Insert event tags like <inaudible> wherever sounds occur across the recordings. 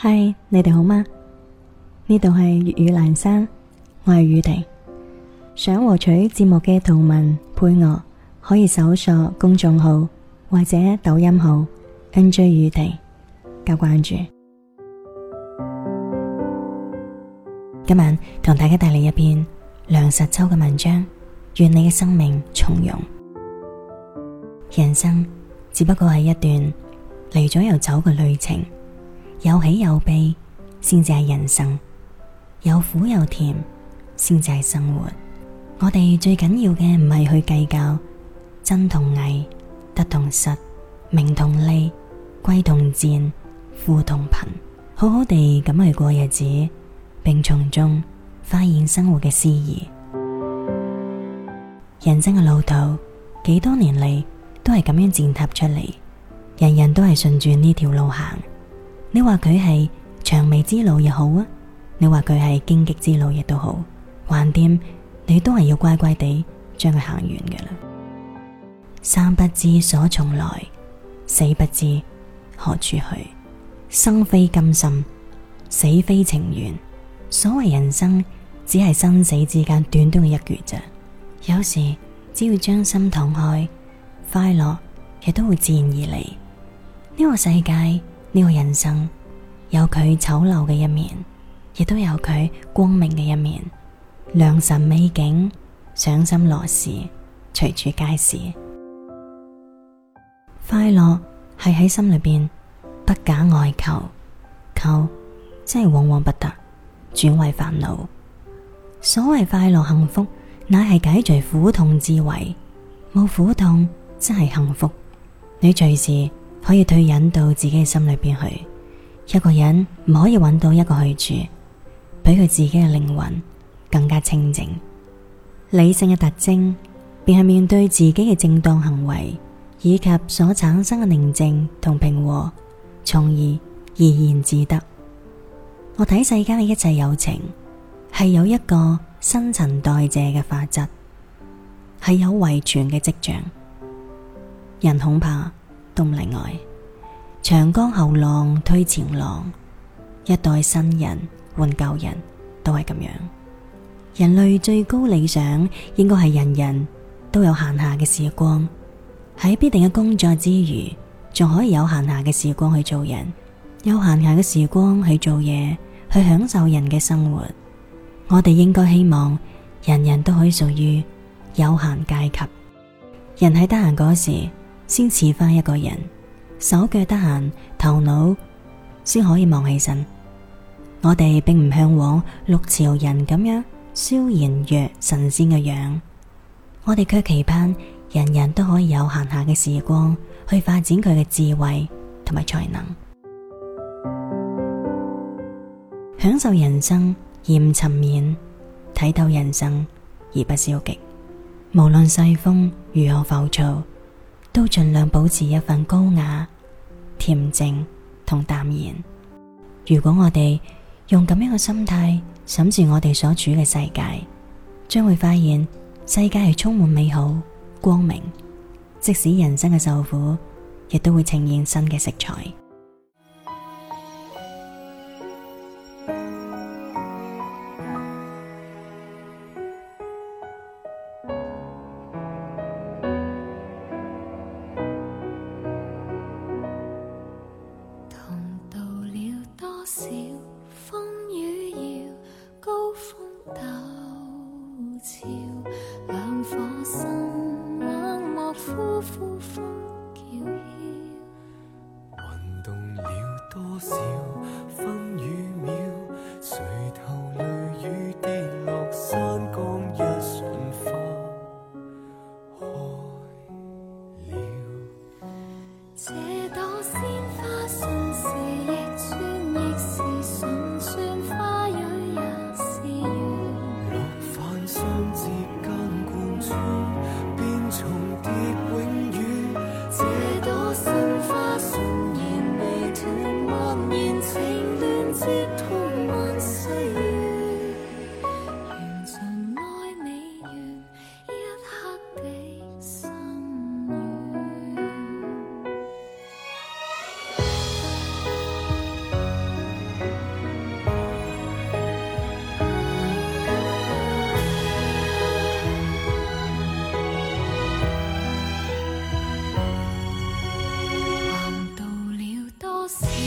嗨，Hi, 你哋好嗎？呢度係粵語闌珊，我係宇婷。想獲取節目嘅圖文配樂，可以搜索公眾號或者抖音號 NJ 宇婷加關注。今晚同大家帶嚟一篇梁實秋嘅文章，願你嘅生命從容。人生只不過係一段嚟咗又走嘅旅程。有喜有悲，先至係人生；有苦有甜，先至係生活。我哋最緊要嘅唔係去計較真同偽、得同失、名同利、貴同賤、富同貧，好好地咁去過日子，並從中發現生活嘅詩意。人生嘅路途，幾多年嚟都係咁樣踐踏出嚟，人人都係順住呢條路行。你話佢係薔薇之路也好啊，你話佢係荊棘之路亦都好，橫掂你都係要乖乖地將佢行完嘅啦。生不知所從來，死不知何處去。生非甘心，死非情願。所謂人生只係生死之間短短嘅一橛咋。有時只要將心敞開，快樂亦都會自然而嚟。呢個世界。呢個人生有佢醜陋嘅一面，亦都有佢光明嘅一面。良辰美景，賞心樂事，隨處皆是。快樂係喺心裏邊，不假外求，求真係往往不得，轉為煩惱。所謂快樂幸福，乃係解除苦痛之謂，冇苦痛真係幸福。你隨時。可以退隱到自己嘅心裏邊去。一個人唔可以揾到一個去處，比佢自己嘅靈魂更加清淨。理性嘅特徵，便係面對自己嘅正當行為，以及所產生嘅寧靜同平和，從而怡然，然自得。我睇世間嘅一切有情，係有一個新陳代謝嘅法則，係有遺傳嘅跡象。人恐怕，都唔例外，長江後浪推前浪，一代新人換舊人，都係咁樣。人類最高理想應該係人人都有閒暇嘅時光，喺必定嘅工作之餘，仲可以有閒暇嘅時光去做人，有閒暇嘅時光去做嘢，去享受人嘅生活。我哋應該希望人人都可以屬於有閒階級，人喺得閒嗰時。先似翻一個人，手腳得閒，頭腦先可以忙起身。我哋並唔向往六朝人咁樣蕭然若神仙嘅樣，我哋卻期盼人人都可以有閒暇嘅時光去發展佢嘅智慧同埋才能， <music> 享受人生而唔沉湎，睇透人生而不消極。無論世風如何浮躁，都盡量保持一份高雅、恬靜同淡然。如果我哋用咁樣嘅心態審視我哋所處嘅世界，將會發現世界係充滿美好、光明，即使人生嘅受苦，亦都會呈現新嘅色彩。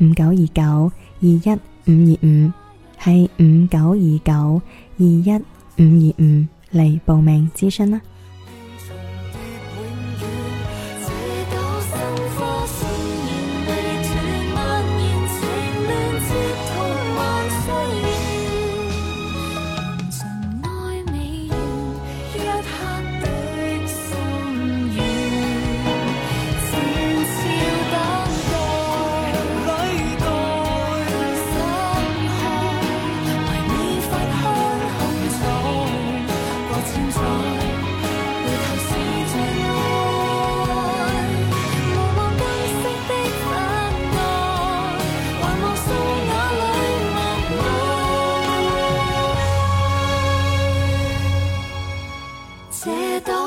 五九二九二一五二五係，五九二九二一五二五嚟報名諮詢啦。